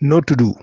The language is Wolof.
no to do